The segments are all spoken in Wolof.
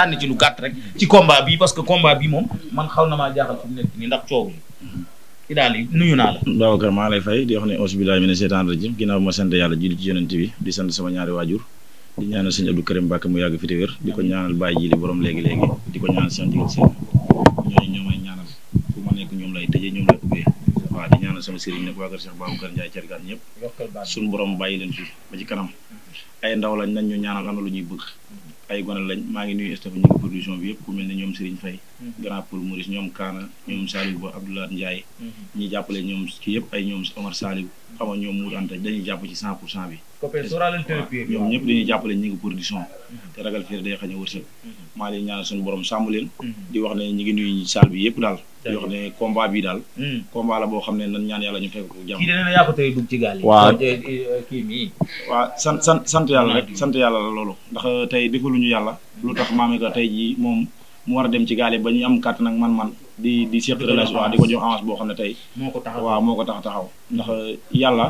sànni ci lu gàtt rek ci combat bi parce que combat bi moom man xaw na maa jaaxal fi mu nekk nii ndax coow wax ne auzu billaahi mina sheytaani rajiim ginnaaw ma sant yàlla julli ci yonent bi di sant sama ñaari waajur di ñaanal sëñ Abdou Karim Mbacke mu yàgg fi te wér di ko ñaanal Baye Jili borom léegi léegi di ko ñaanal seen jigéen seen ñooñu ñoo may ñaanal fu ma nekk ñoom lay tëjee ñoom lay ubbee waaw di ñaanal sama sëriñ nag waa kër Cheikh Babacar Ndiaye cergaat ñëpp suñu borom bàyyi leen fi ba ci kanam ay ndaw lañ nañ ñu ñaanal am na lu ñuy bëgg ay gone lañ maa ngi nuy staff ñu ngi production bi yëpp ku mel ne ñoom Serigne Faye mhm. grand Paul Maurice ñoom Kaana ñoom Saliou Ba Abdoulaye Ndiaye mhm. ñi jàppale ñoom ci yëpp ay ñoom Omar Saliou xama ñoom muur anta dañuy jàpp ci cent pour cent bi ñoom ñëpp dañuy jàppale ñu ngi production mhm. te ragal fiir day xañ a wërsëg maa leen ñaan suñu borom sàmm leen di wax ne ñu ngi nuyu salle bi yëpp daal di wax ne combat bi daal. Hmm. combat la boo xam ne nan ñaan yàlla ñu fekk ko jàmm. kii dina yaa ko tey dugg ci gaal yi. sant eh, sant sant yàlla rek sant yàlla la loolu. ndax eh, tey defaluñu yàlla. lu tax maame ko tey jii moom mu war a dem ci gaal ba ñu am kàttan ak man-man. di di seq relation waaw di ko jox avance boo xam ne tey. moo ko taxaw waaw moo ko tax taxaw. ndax eh, yàlla.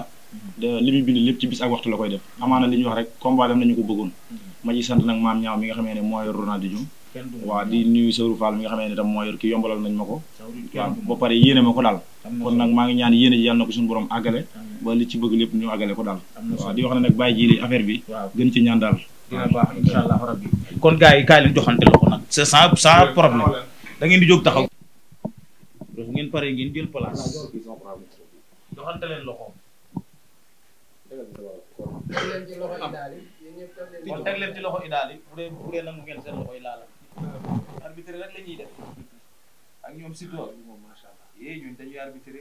li muy bind lépp ci bis ak waxtu la koy def. amaana li ñu wax rek combat dem nañu ko bëggoon. Hmm. ma ci sant nag maam ñaaw mi nga xamee ne mooy Ronaldinho waaw di nuyu Sëriñ Fall mi nga xamee ne tam moo yor ki yombalal nañ ma ko waaw ba pare yéene ma ko daal kon nag maa ngi ñaan yéene ji yàlla na ko suñu borom àggale ba li ci bëgg lépp ñu àggale ko daal waaw di wax kon gars kaay leen joxante loxo nag c'est sans sans problème da ngeen di jóg taxaw bu ngeen paree ngeen jël place joxante leen loxo kon teg leen ci loxo idaal yi bu dee bu dee nangu ngeen seen loxo yi arbitre rek la ñuy def ak ñoom si tool moom macha allah yee ñun dañuy arbitre.